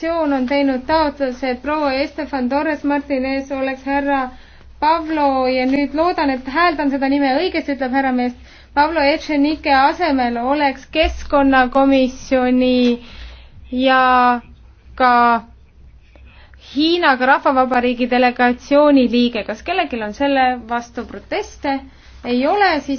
fraktsioon on teinud taotluse, et proua Estefan Torres Martinez oleks härra Pavlo ja nüüd loodan, et hääldan seda nime õigesti, ütleb härramees. Pavlo Etšenike asemel oleks keskkonnakomisjoni ja ka Hiinaga Rahvavabariigi delegatsiooni liige. kas kellelgi on selle vastu proteste? ei ole, siis